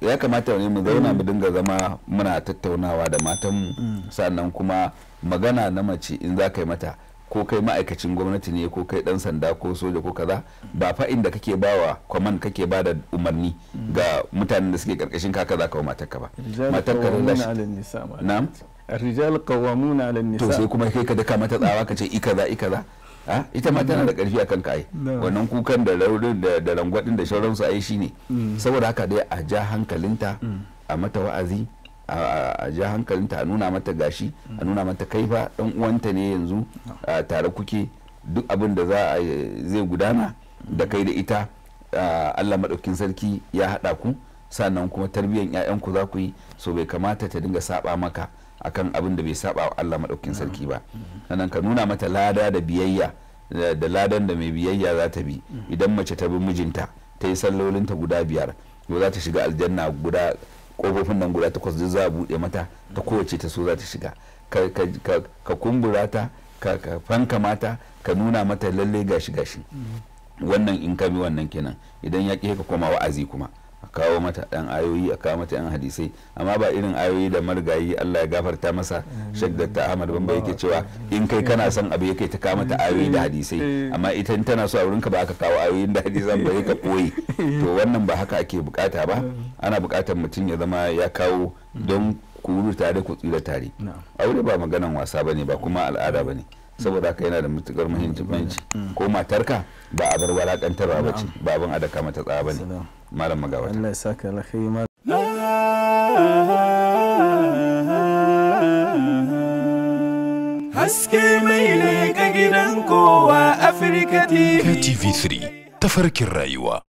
ya kamata ne mu zauna mu mm. dinga zama muna tattaunawa da matanmu mm. sannan kuma magana na mace in za ka yi mata ko kai ma'aikacin gwamnati ne ko kai dan sanda ko soja ko kaza ba fa inda kake bawa kwaman kake ba da umarni mm. ga mutanen da suke karkashin ka kaza matar matarka ba matar ka da na'am rijal qawwamuna 'ala an-nisa to sai kuma kai ka daka mata tsawa ka ce ikaza ikaza kaza ita ma tana da karfi a kan kai wannan kukan da raurin da rangwadin da sauransu a yi ne mm. saboda haka dai a ja hankalinta mm. a mata wa'azi a ja hankalinta a nuna mata gashi a nuna mata kaifa dan uwanta ne yanzu tare kuke duk abin da za zai gudana da kai da ita Allah maɗaukin sarki ya haɗa ku sannan kuma tarbiyyar 'ya'yanku za ku yi so bai kamata ta dinga saba maka akan abin da bai saba wa Allah maɗaukin sarki ba sannan ka nuna mata lada da biyayya da ladan da mai biyayya za ta bi idan mace ta bi mijinta ta yi sallolinta guda biyar ko za ta shiga aljanna guda kofofin nan guda takwas duk za a buɗe mata ta kowace ta so za ta shiga ka kumbura ta ka fanka mata ka nuna mata lallai gashi gashi wannan in ka bi wannan kenan idan ya ka koma wa'azi kuma a kawo mata ɗan ayoyi a kawo mata yan hadisai amma ba irin ayoyi da marigayi Allah ya gafarta masa Sheikh Dr. Ahmad Bamba yake cewa in kai kana son abu yake ta kawo mata ayoyi da hadisai amma ita in tana so a ka ba aka kawo ayoyin da hadisan ba ka koyi to wannan ba haka ake bukata ba ana bukatar mutum ya zama ya kawo don kuru tare ku tsira tare aure ba maganan wasa bane ba kuma al'ada bane saboda haka yana da matukar muhimmanci ko matarka ba a bar walakantarwa ba ce ba abin adaka mata tsaba ne ما لما قاوت الله يساك الأخي ما هسكي ميلي كجنانكو وأفريكتي كتي في ثري تفرك الرأيوة